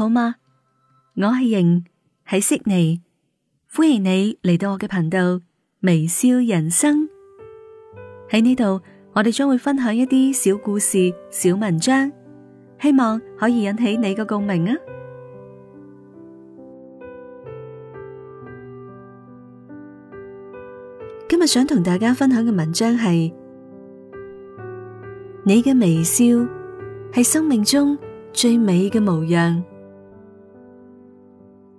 好嗎？我係瑩，喺悉尼，歡迎你嚟到我嘅頻道微笑人生。喺呢度，我哋將會分享一啲小故事、小文章，希望可以引起你嘅共鳴啊！今日想同大家分享嘅文章係：你嘅微笑係生命中最美嘅模樣。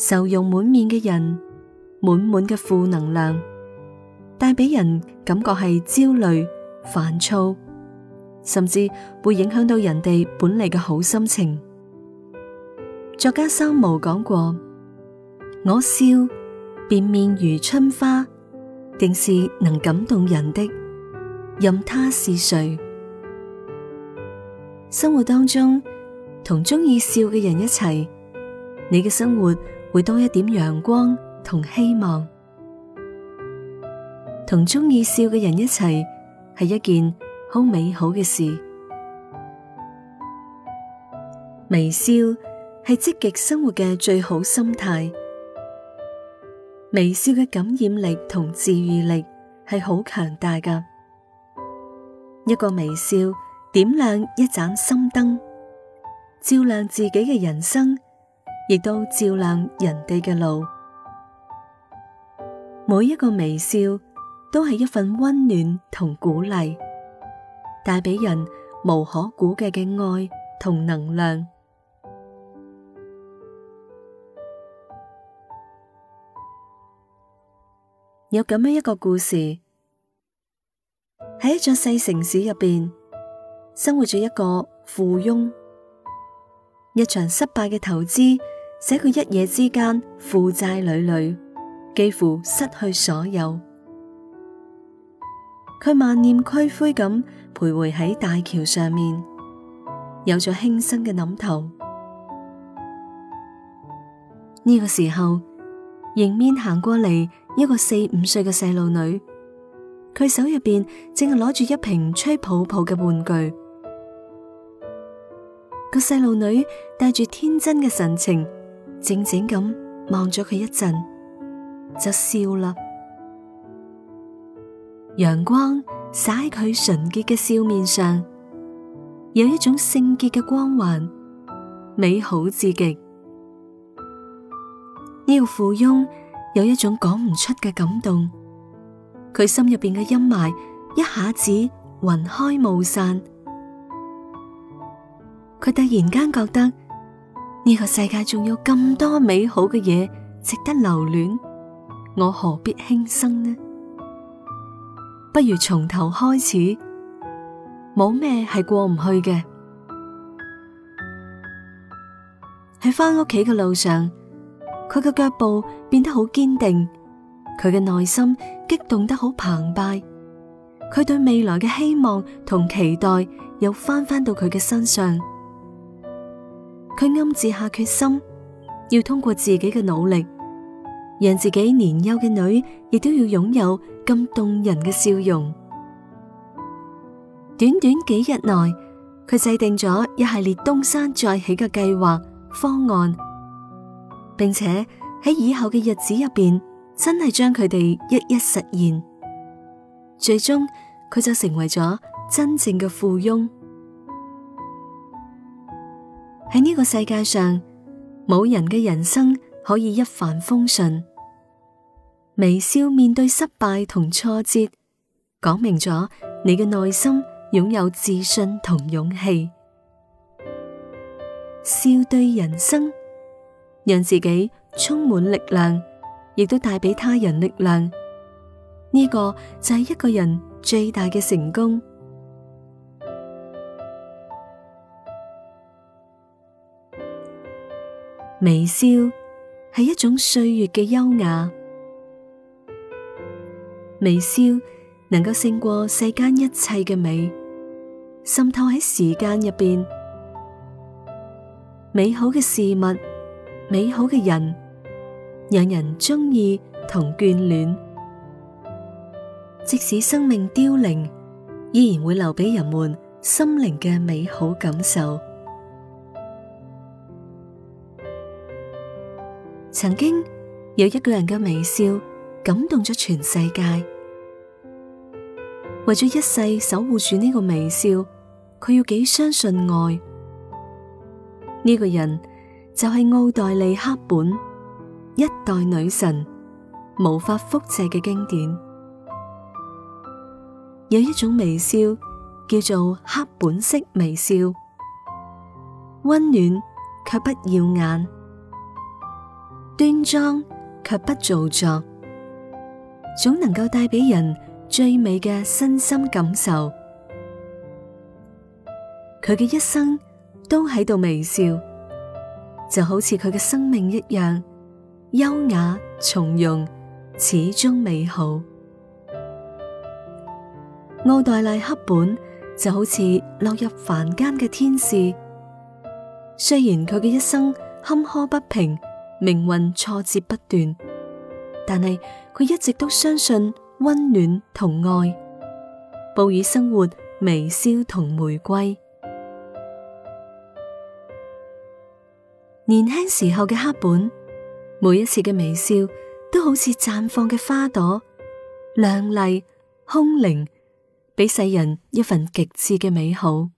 愁容滿面嘅人，滿滿嘅負能量，帶俾人感覺係焦慮、煩躁，甚至會影響到人哋本嚟嘅好心情。作家三毛講過：我笑，便面如春花，定是能感動人的。任他是誰，生活當中同鍾意笑嘅人一齊，你嘅生活。會多一點陽光同希望，同鍾意笑嘅人一齊係一件好美好嘅事。微笑係積極生活嘅最好心態。微笑嘅感染力同治癒力係好強大噶。一個微笑點亮一盞心燈，照亮自己嘅人生。亦都照亮人哋嘅路，每一個微笑都係一份温暖同鼓勵，帶俾人無可估計嘅愛同能量。有咁樣一個故事，喺一座細城市入邊，生活住一個富翁，一場失敗嘅投資。使佢一夜之間負債累累，幾乎失去所有，佢萬念俱灰咁徘徊喺大橋上面，有咗輕生嘅諗頭。呢個時候，迎面行過嚟一個四五歲嘅細路女，佢手入邊正係攞住一瓶吹泡泡嘅玩具，嗰個細路女帶住天真嘅神情，靜靜咁望咗佢一陣，就笑啦。陽光灑喺佢純潔嘅笑面上，有一種聖潔嘅光環，美好至極。呢個富翁有一種講唔出嘅感動，佢心入邊嘅陰霾一下子雲開霧散，佢突然間覺得。呢個世界仲有咁多美好嘅嘢，值得留戀，我何必輕生呢？不如從頭開始，冇咩係過唔去嘅。喺返屋企嘅路上，佢嘅腳步變得好堅定，佢嘅內心激動得好澎湃，佢對未來嘅希望同期待又翻返到佢嘅身上。佢暗自下決心，要通過自己嘅努力，讓自己年幼嘅女亦都要擁有咁動人嘅笑容。短短幾日內，佢制定咗一系列東山再起嘅計劃、方案，並且喺以後嘅日子入邊，真係將佢哋一一實現。最終，佢就成為咗真正嘅富翁。喺呢個世界上，冇人嘅人生可以一帆風順。微笑面對失敗同挫折，講明咗你嘅內心擁有自信同勇氣。笑對人生，讓自己充滿力量，亦都帶俾他人力量。呢個就係一個人最大嘅成功。微笑係一種歲月嘅優雅，微笑能夠勝過世間一切嘅美，滲透喺時間入邊。美好嘅事物，美好嘅人，讓人鍾意同眷戀。即使生命凋零，依然會留畀人們心靈嘅美好感受。曾經有一個人嘅微笑感動咗全世界，為咗一世守護住呢個微笑，佢要幾相信愛？呢、這個人就係奧黛麗·赫本，一代女神，無法複製嘅經典。有一種微笑叫做赫本式微笑，溫暖卻不耀眼。端莊卻不做作，總能夠帶俾人最美嘅身心感受。佢嘅一生都喺度微笑，就好似佢嘅生命一樣，優雅從容，始終美好。奧黛麗·赫本就好似落入凡間嘅天使，雖然佢嘅一生坎坷不平。命運挫折不斷，但係佢一直都相信溫暖同愛，暴雨生活微笑同玫瑰。 年輕時候嘅黑本，每一次嘅微笑都好似綻放嘅花朵，亮麗空靈，俾世人一份極致嘅美好。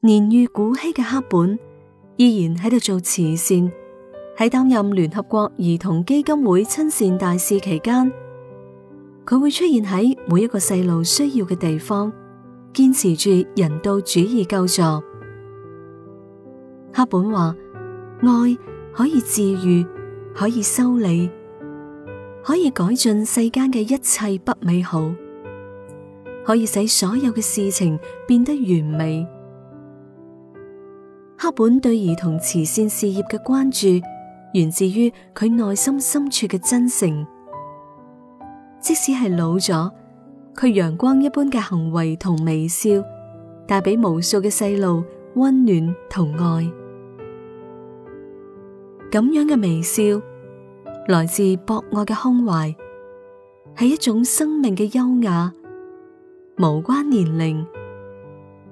年逾古稀嘅黑本，依然喺度做慈善，喺擔任聯合國兒童基金會親善大使期間，佢會出現喺每一個細路需要嘅地方，堅持住人道主義救助。赫本話：愛可以治愈，可以修理，可以改進世間嘅一切不美好，可以使所有嘅事情變得完美。赫本對兒童慈善事業嘅關注，源自於佢內心深處嘅真誠。即使係老咗，佢陽光一般嘅行為同微笑，帶俾無數嘅細路溫暖同愛。咁樣嘅微笑，來自博愛嘅胸懷，係一種生命嘅優雅，無關年齡，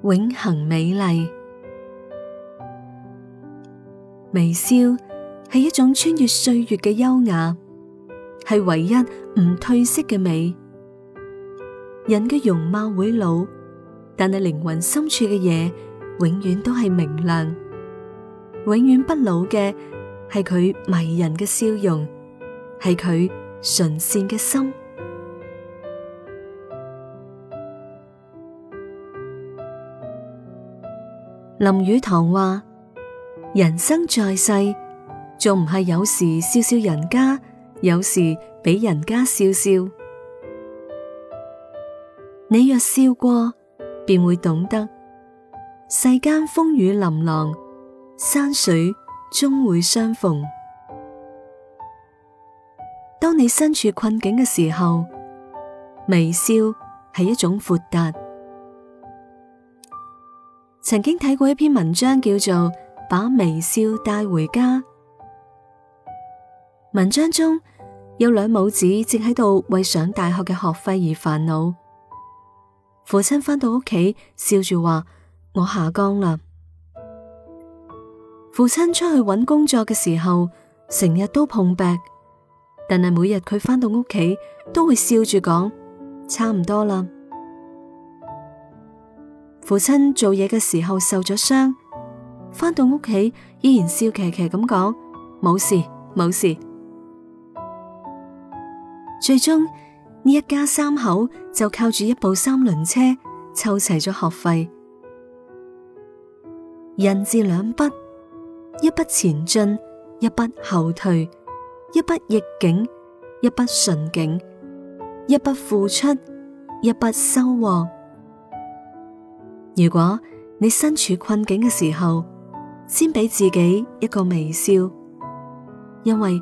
永恆美麗。微笑係一種穿越歲月嘅優雅，係唯一唔褪色嘅美。人嘅容貌會老，但係靈魂深處嘅嘢永遠都係明亮，永遠不老嘅係佢迷人嘅笑容，係佢純善嘅心。林語堂話。人生在世，仲唔係有時笑笑人家，有時俾人家笑笑。你若笑過，便會懂得世間風雨琳琅，山水終會相逢。當你身處困境嘅時候，微笑係一種豁達。曾經睇過一篇文章，叫做。把微笑帶回家。文章中有兩母子正喺度為上大學嘅學費而煩惱。父親翻到屋企，笑住話：我下崗啦。父親出去搵工作嘅時候，成日都碰壁，但係每日佢翻到屋企都會笑住講：差唔多啦。父親做嘢嘅時候受咗傷。翻到屋企，依然笑騎騎咁講：冇事冇事。最終呢一家三口就靠住一部三輪車，湊齊咗學費。人字兩筆，一筆前進，一筆後退；一筆逆境，一筆順境；一筆付出，一筆收穫。如果你身處困境嘅時候，先俾自己一個微笑，因為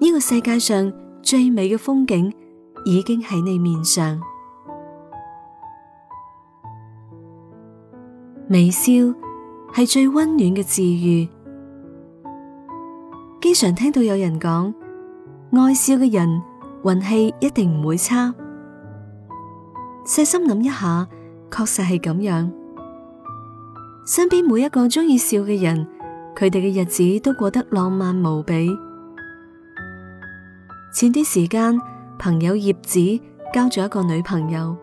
呢個世界上最美嘅風景已經喺你面上。微笑係最溫暖嘅治愈。經常聽到有人講，愛笑嘅人運氣一定唔會差。細心諗一下，確實係咁樣。身邊每一個鍾意笑嘅人，佢哋嘅日子都過得浪漫無比。前啲時間，朋友葉子交咗一個女朋友，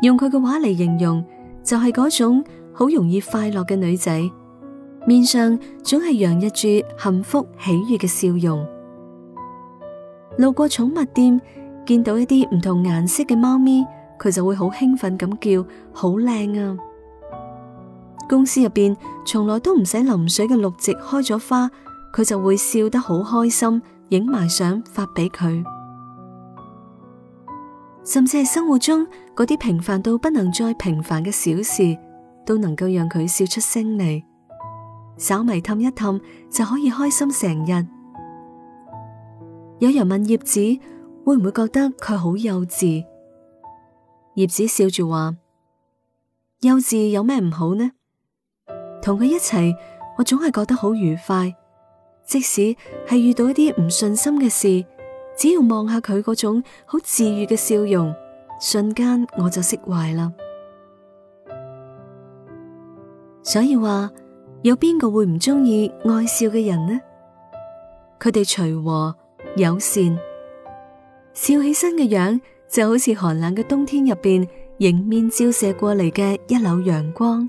用佢嘅話嚟形容，就係嗰種好容易快樂嘅女仔，面上總係洋溢住幸福喜悅嘅笑容。路過寵物店，見到一啲唔同顏色嘅貓咪，佢就會好興奮咁叫，好靚啊！公司入邊從來都唔使淋水嘅綠植開咗花，佢就會笑得好開心，影埋相發俾佢。甚至係生活中嗰啲平凡到不能再平凡嘅小事，都能夠讓佢笑出聲嚟，稍微氹一氹就可以開心成日。有人問葉子會唔會覺得佢好幼稚？葉子笑住話：幼稚有咩唔好呢？同佢一齊，我總係覺得好愉快。即使係遇到一啲唔順心嘅事，只要望下佢嗰種好治愈嘅笑容，瞬間我就釋懷啦。所以話，有邊個會唔中意愛笑嘅人呢？佢哋隨和友善，笑起身嘅樣就好似寒冷嘅冬天入邊迎面照射過嚟嘅一縷陽光。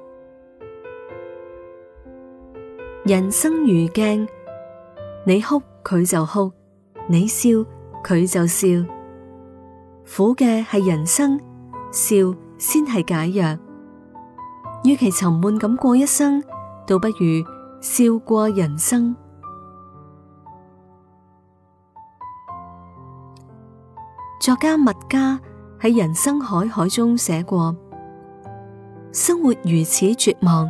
人生如鏡，你哭佢就哭，你笑佢就笑。苦嘅係人生，笑先係解藥。與其沉悶咁過一生，倒不如笑過人生。作家麥家喺《人生海海》中寫過：生活如此絕望。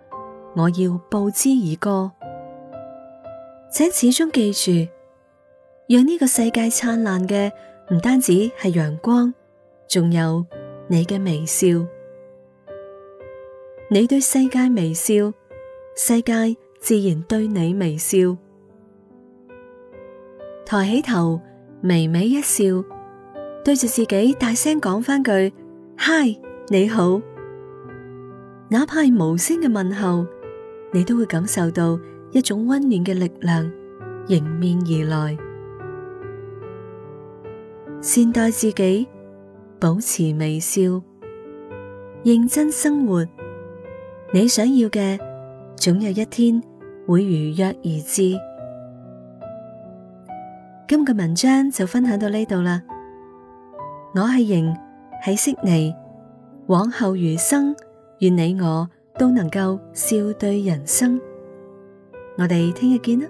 我要報之而歌，請始終記住，讓呢個世界燦爛嘅唔單止係陽光，仲有你嘅微笑。你對世界微笑，世界自然對你微笑。抬起頭，微微一笑，對住自己大聲講返句：嗨，你好。哪怕係無聲嘅問候，你都會感受到一種溫暖嘅力量迎面而來，善待自己，保持微笑，認真生活，你想要嘅總有一天會如約而至。今個文章就分享到呢度啦，我係瑩，喺悉尼，往後餘生願你我。都能夠笑對人生，我哋聽日見啦。